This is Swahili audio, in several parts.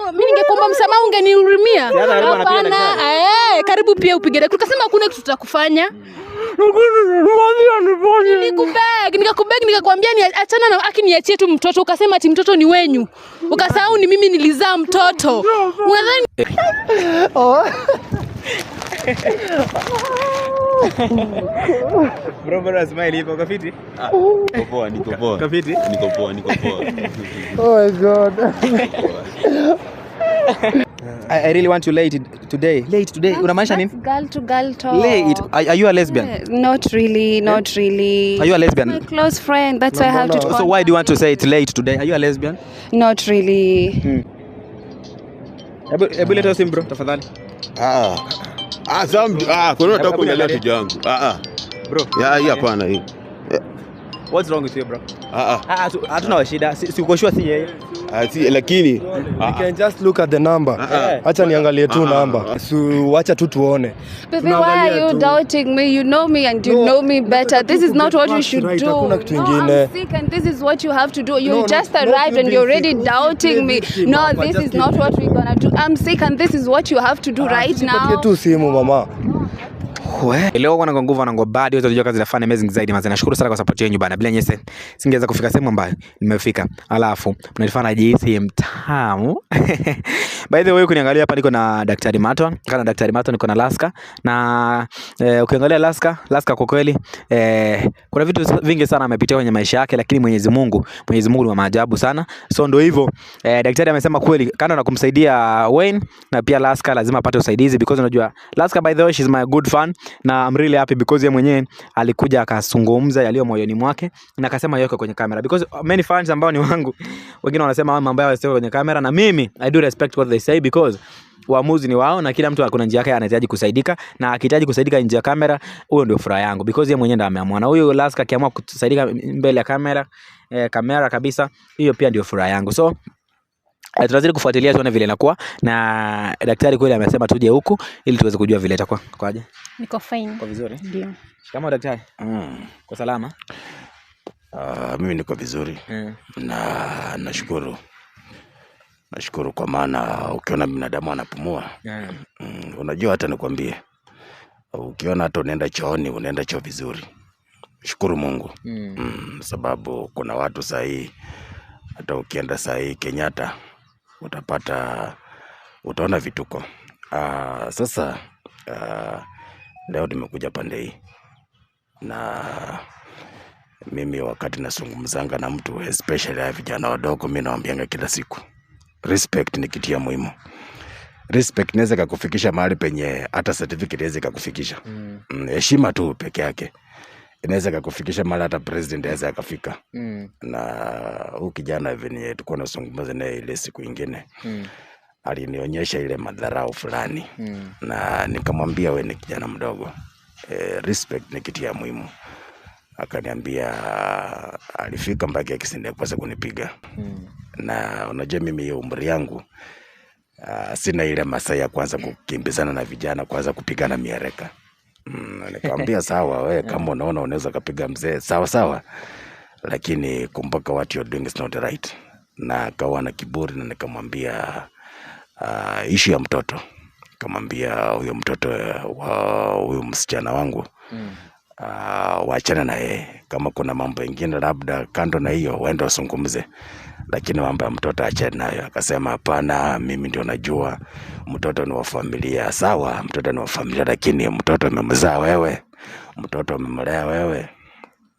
Oh, mimi ningekuomba msamaha ungenihurumia. Hapana, eh, karibu pia upigere dakika. Ukasema hakuna kitu tutakufanya. Nikubeg, nikakubeg, nikakwambia ni achana na aki niachie tu mtoto, ukasema ati mtoto ni wenyu. Ukasahau ni mimi nilizaa mtoto. Unadhani Bro, bro, smile hivyo kwa fiti? Ah, niko Oh my god. I, I really want you late today. Late today. Unamaanisha nini? Girl to girl talk. Late. Are, are you a lesbian? Yeah, not really, not really. Are you a lesbian? My close friend, that's no, why no, I have no. to talk. So why do you want to say it late today? Are you a lesbian? Not really. Hmm. Hebu hebu leta simu bro, tafadhali. Ah. Ah, some ah, kuna nataka kuongelea leo tujangu. Ah ah. Bro. Ya hapana hii. What's wrong with you bro? Ah ah. I don't Hatuna shida, sikukoshua si yeye. Si, lakini You can just look at the number. Acha niangalie tu namba, wacha tu tuone. Baby, why are you doubting me? You know me and you know me better. This is not what you should do. Hakuna kitu ingine. No, I'm sick and this is what you have to do. You just arrived and you're already doubting me. No, this is not what we're gonna do. I'm sick and this is what you have to do right now. Tupatie tu simu mama huko eh. Leo bwana kwa nguvu na nguvu bado wote tunajua kazi inafanya amazing zaidi mazana. Nashukuru sana kwa support yenu bana. Bila nyese singeweza kufika sehemu ambayo nimefika. Alafu mnanifanya jisi mtamu. By the way, ukiniangalia hapa niko na Daktari Maton, kana Daktari Maton niko na Laska na eh, ukiangalia Laska, Laska kwa kweli eh, kuna vitu vingi sana amepitia kwenye maisha yake, lakini Mwenyezi Mungu, Mwenyezi Mungu ni wa maajabu sana. So ndio hivyo eh, daktari amesema kweli kana na kumsaidia Wayne na pia Laska lazima apate usaidizi because unajua Laska by the way she's my good fan na I'm really happy because yeye mwenyewe alikuja akazungumza yaliyo moyoni mwake na akasema yoko kwenye kamera because uh, many fans ambao ni wangu wengine wanasema mambo yao yasiwekwe kwenye kamera, na mimi I do respect what they say because uamuzi ni wao na kila mtu akuna njia yake anahitaji kusaidika, na akihitaji kusaidika nje ya kamera, huyo ndio furaha yangu because yeye mwenyewe ndiye ameamua, na huyo Laska akiamua kusaidika mbele ya kamera eh, kamera kabisa, hiyo pia ndio furaha yangu so tunazidi kufuatilia tuone vile inakuwa, na daktari kweli amesema tuje huku ili tuweze kujua vile itakuwa. Kwaje? Niko fine. Kwa vizuri? Ndio. Kama daktari. Mm. Kwa salama? Uh, mimi niko vizuri mm. na nashukuru nashukuru kwa maana ukiona binadamu anapumua yeah. mm, unajua hata nikwambie ukiona hata unaenda chooni unaenda choo vizuri shukuru mungu mm. Mm, sababu kuna watu sahii hata ukienda sahii kenyatta utapata utaona vituko. Uh, sasa uh, leo nimekuja pande hii na mimi wakati nasungumzanga na mtu especially ya vijana wadogo, mi nawambianga kila siku respect ni kitu ya muhimu. Respect inaweza kakufikisha mahali penye hata certificate haiwezi kakufikisha Heshima mm. mm, tu peke yake inaweza kakufikisha mara hata president aweza akafika mm. na huu kijana venye tukuwa nasungumza naye ile siku ingine mm. alinionyesha ile madharau fulani mm. na nikamwambia we ni kijana mdogo e, respect ni kitu ya muhimu akaniambia alifika mpaka akisindia kwanza kunipiga mm. na unajua mimi hiyo umri yangu uh, sina ile masaa ya kwanza kukimbizana na vijana kwanza kupigana miereka Mm, nikamwambia sawa, we kama unaona unaweza kapiga mzee sawa sawa, lakini kumbuka what you doing is not right. Na akawa na kiburi, na nikamwambia uh, ah, ishu ya mtoto, kamwambia huyo mtoto wa huyo msichana wangu mm. Uh, waachane na yeye, kama kuna mambo ingine labda kando na hiyo, waende wasungumze lakini mambo ya mtoto acheni nayo. Akasema hapana, mimi ndio najua mtoto ni wa familia. Sawa, mtoto ni wa familia, lakini mtoto umemzaa wewe, mtoto umemlea wewe.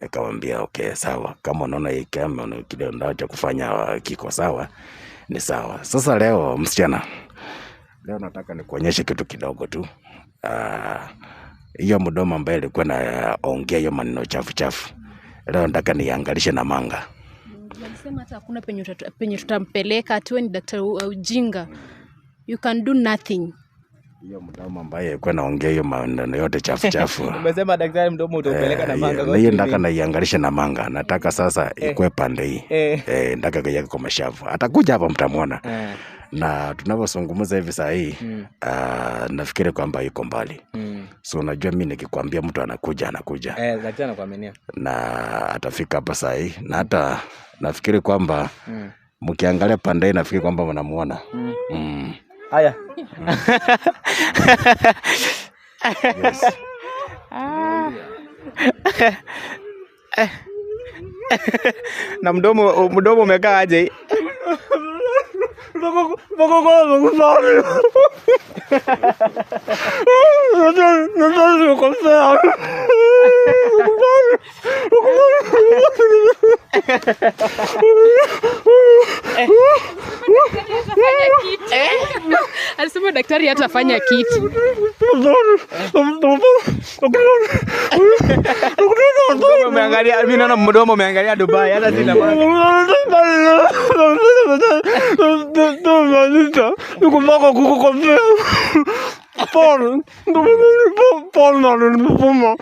Nikamwambia okay, sawa, kama unaona hii kama kile unacho kufanya kiko sawa, ni sawa. Sasa leo, msichana, leo nataka nikuonyeshe kitu kidogo tu ah, hiyo uh, mdomo ambaye alikuwa naongea hiyo maneno chafu chafu, leo nataka niangalishe na manga alisema hata hakuna penye, penye tutampeleka atiwe ni daktari wa ujinga you can do nothing hiyo mdomo ambaye alikuwa anaongea hiyo maneno yote chafu chafu. Umesema daktari mdomo utaupeleka eh, na manga. Na hiyo ndaka naiangalisha na manga. Nataka sasa eh. ikue pande hii. Eh, eh ndaka kaiweke kwa mashavu. Atakuja hapa mtamwona. Na tunavyozungumza hivi saa hii mm. uh, nafikiri kwamba yuko mbali mm. so unajua mi nikikwambia mtu anakuja anakuja eh, na atafika hapa saa hii na hata mm nafikiri kwamba mm. mkiangalia pandai nafikiri kwamba mnamuona mm. mm. haya na mdomo mdomo umekaa aje Eh? Alisema daktari hatafanya kitu. mimi naona mdomo umeangalia Dubai, hata sina maana. Paul. Paul Paul Paul.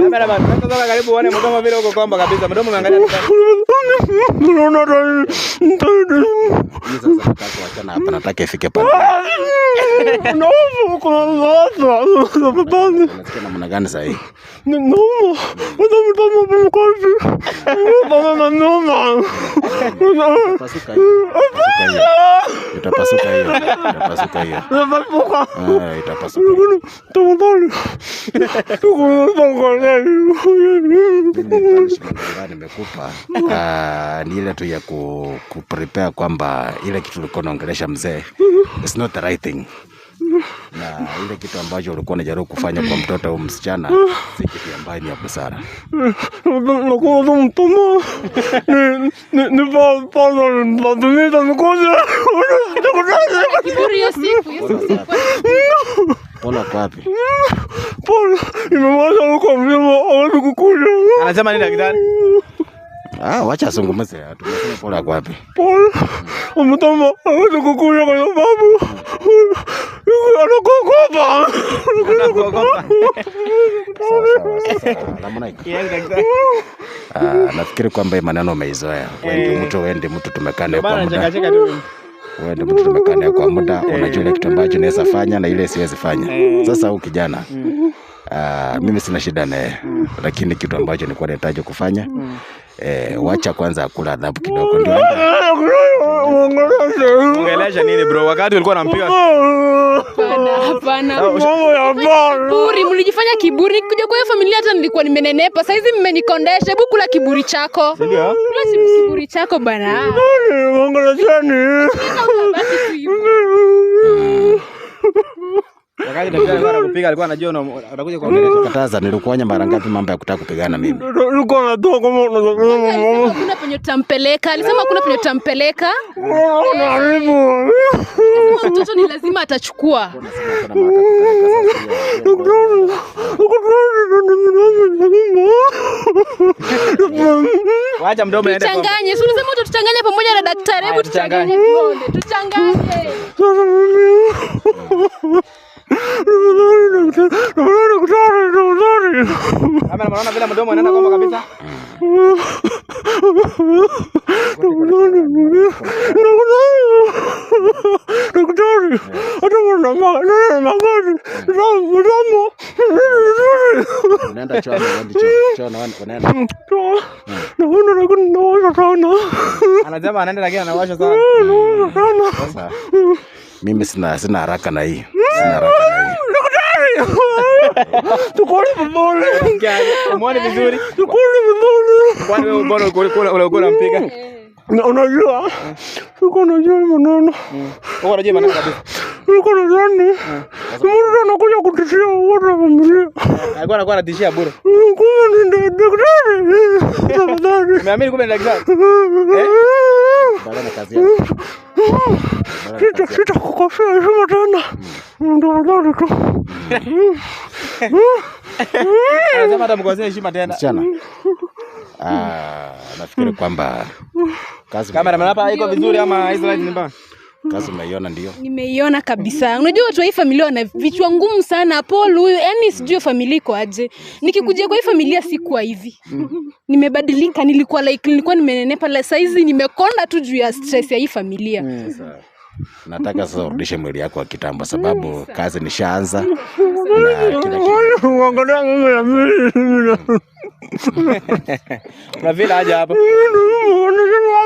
Kameraman, tazama karibu uone mdomo vile uko kwamba kabisa. Mdomo umeangalia. Hapa nataka ifike pale. Namna gani sasa hii? Noma. Noma. Noma. Noma. Noma. Utapasuka Nimekupa ah, ni ile tu ya ku kwamba ile kitu ulikuwa unaongelesha mzee. It's not the right thing na ile kitu ambacho ulikuwa unajaribu kufanya kwa mtoto au msichana si kitu ambayo ni ya busara. Nakuza mtumo ni pasa natumita mikuja Pola kwapi? Pola imemwacha huko mzima, hawezi kukuja. Anasema nini daktari? Ah, wacha azungumze tu. Nasema pole kwa wapi? Pole. Umtama hawezi kukuja kwa sababu nafikiri kwamba maneno umeizoea wende eh. mtu wende mtu tumekane kwa muda wewe eh. mtu tumekane kwa muda, unajua ile kitu ambacho naweza fanya na ile siwezi fanya. Eh. Sasa huyu kijana mm. ah, mimi sina shida naye, mm. lakini kitu ambacho nilikuwa nahitaji kufanya mm. Eh, wacha kwanza kula adhabu kidogo ndio. Ongelesha nini bro? Wakati ulikuwa unampiga hapana. hapana. Kiburi, mlijifanya kiburi. nikuja kwa familia hata nilikuwa nimenenepa. hizi mmenikondesha. Hebu kula kiburi chako. Kula si kiburi chako bana. nini? Wakati daktari kupiga nilikuonya mara ngapi mambo ya kutaka kupigana mimi. Kuna penye utampeleka. Alisema kuna penye utampeleka. Eh. Mtoto ni lazima atachukua. Wacha mdomo aende. Tuchanganye. Si unasema utatuchanganya pamoja na daktari. Hebu tuchanganye. Tuchanganye. Kama unaona vile mdomo unaenda komba kabisa. Daktari, hata mwana magari, mdomo. Unaenda choo, unaenda choo, unaenda. Naona lakini nawasha sana. Anasema anaenda lakini anawasha sana. Hmm. Sasa mimi sina sina haraka na hii sina haraka na hii unajua mm. unajua maneno niko nadhani mtu anakuja kutishia watu wa familia. Ah, alikuwa anakuwa anatishia bure. Mm, kumbe ni daktari. Tafadhali. Umeamini kumbe ni daktari? Eh? Sita sita kukosea heshima tena. Hmm. Ndio tu. Anasema hata heshima tena. Msichana. Ah, nafikiri hmm. kwamba kazi hmm. kamera hapa iko vizuri ama Israel ni mbaya? Kazi umeiona ndio? Nimeiona kabisa. Unajua watu wa hii familia wana vichwa ngumu sana. Paul huyu, yani sijui familia iko aje. nikikujia kwa hii familia sikuwa hivi. Nimebadilika, nilikuwa like nilikuwa nimenenepa, la nimekonda tu juu ya stress ya hii familia. Mm. Sasa nataka sasa urudishe mwili yako wa kitambo, sababu mm. kazi nishaanza mm. na vile aje hapo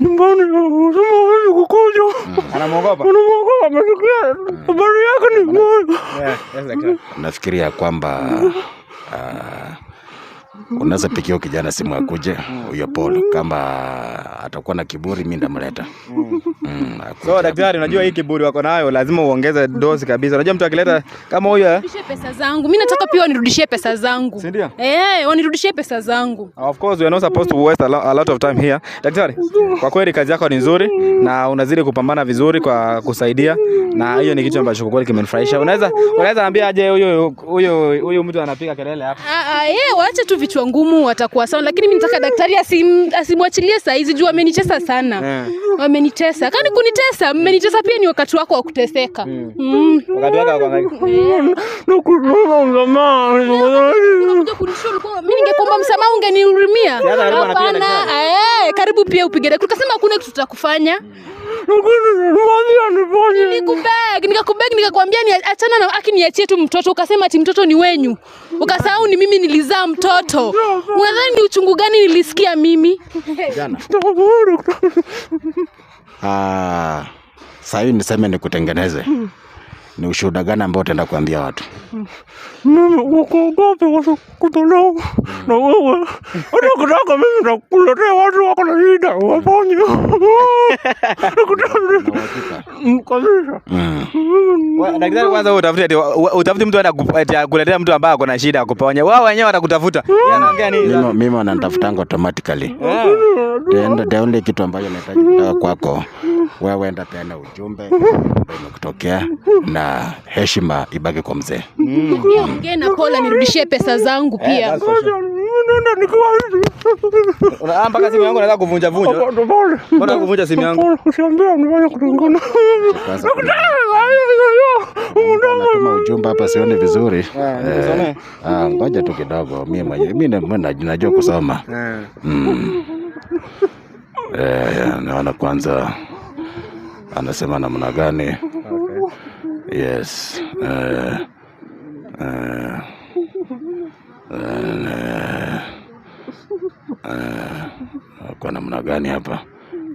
nyumbani sema hawezi kukuja, anamwogopa, anamwogopa, amesikia habari yake ni mbaya. Nafikiria kwamba uh, unaweza pikia kijana simu akuje huyo Paul, kama atakuwa na kiburi mimi ndamleta. Mm, so daktari, unajua hii mm. kiburi wako nayo lazima uongeze dosi kabisa. Unajua mtu akileta kama huyo, nirudishie eh? pesa zangu. Mimi nataka pia wanirudishie pesa zangu, si ndio? Eh, wanirudishie pesa zangu. Of course we are not supposed to waste a, a lot of time here. Daktari, kwa kweli kazi yako ni nzuri na unazidi kupambana vizuri kwa kusaidia, na hiyo ni kitu ambacho kwa kweli kimenifurahisha. Unaweza unaweza ambia aje huyo huyo huyo mtu anapiga kelele hapa? Ah, ah, yeye eh, waache tu vichwa ngumu watakuwa sawa, lakini mimi nataka daktari asim, asimwachilie saa hizi juu amenitesa sana yeah. Wamenitesa kani kunitesa, mmenitesa pia ni wakati wako wa kuteseka hmm. mm. eh. ningekuomba msamaha ungenihurumia? Yaani eh, karibu pia upige. Tukasema hakuna kitu tutakufanya hmm. Nilikubeg, nikakubeg, nikakwambia ni achana na aki niachie tu mtoto, ukasema ati mtoto ni wenyu, ukasahau ni mimi nilizaa mtoto. Unadhani ni uchungu gani nilisikia mimi? Jana. Ah, sasa niseme nikutengeneze. Ni ushuhuda gani ambao utaenda kuambia watu? Mimi wakuogope wasikutolewa na wewe hata ukitaka mimi nakuletea watu wako na shida wafanye kabisa. Mm. Daktari, kwanza utafuti utafuti mtu anakuletea kuletea mtu ambaye ako na shida akuponya, wao wenyewe watakutafuta. Yanaongea nini? Mimi wananitafutanga automatically. Eh. The only kitu ambayo nahitaji kutoka kwako wewe enda peana ujumbe ndio imekutokea na heshima ibaki kwa mzee. Niongee na Paul nirudishie pesa zangu eh, pia. Unaona ah, mpaka simu yangu nataka kuvunja vunja. Mbona kuvunja simu yangu? Usiambie mnafanya kutungana. Eh, eh, kama ujumbe hapa sioni vizuri. Ah, ah ngoja tu kidogo mimi mwenyewe mimi najua kusoma. Eh, hmm. naona kwanza anasema namna gani? Okay. Yes. Uh, uh, kwa namna gani hapa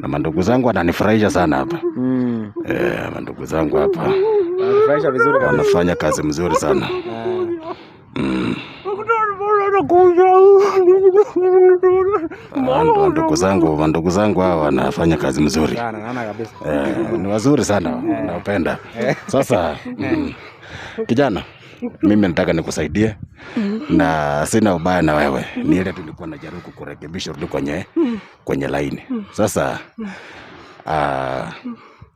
na mandugu zangu ananifurahisha sana hapa mm. E, mandugu zangu hapa wanafanya kazi mzuri sana yeah. mm. Ndugu zangu ndugu zangu hawa wanafanya kazi mzuri eh, ni wazuri sana eh. nawapenda. Eh. Sasa eh. mm, kijana, mimi nataka nikusaidie na sina ubaya na wewe, ni ile tulikuwa najaribu kukurekebisha rudi kwenye kwenye laini. Sasa aa, ah,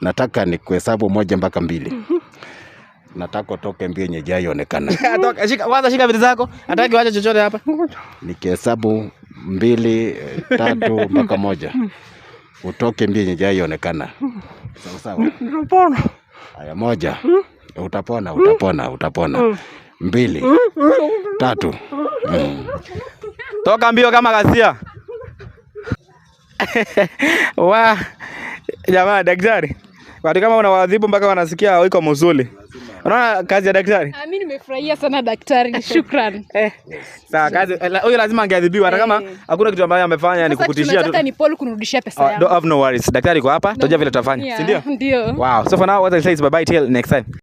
nataka nikuhesabu moja mpaka mbili Nataka utoke mbio nyeja ionekane. Shika kwanza, shika vitu zako, Nataka kiwacha chochote hapa. Nikihesabu mbili, eh, tatu mpaka moja, utoke mbio nyeja ionekana. Sawa sawa, hmm? utapona. Aya hmm? moja, utapona, utapona, utapona. Hmm. Mbili, tatu, Toka mbio kama kasia Wa jamaa daktari, watu kama unawaadhibu mpaka wanasikia wiko mzuri. Unaona kazi ya daktari? Ah, mimi nimefurahia sana daktari. Shukrani. Eh. Sawa, kazi eh, huyo lazima angeadhibiwa hata kama eh. hakuna kitu ambacho amefanya ni kukutishia tu. Sasa ni Paul kunirudishia pesa oh, yangu. Don't have no worries. Daktari yuko hapa, tutajua vile tutafanya. Si ndio? Ndio. Wow. So for now what I say is bye bye till next time.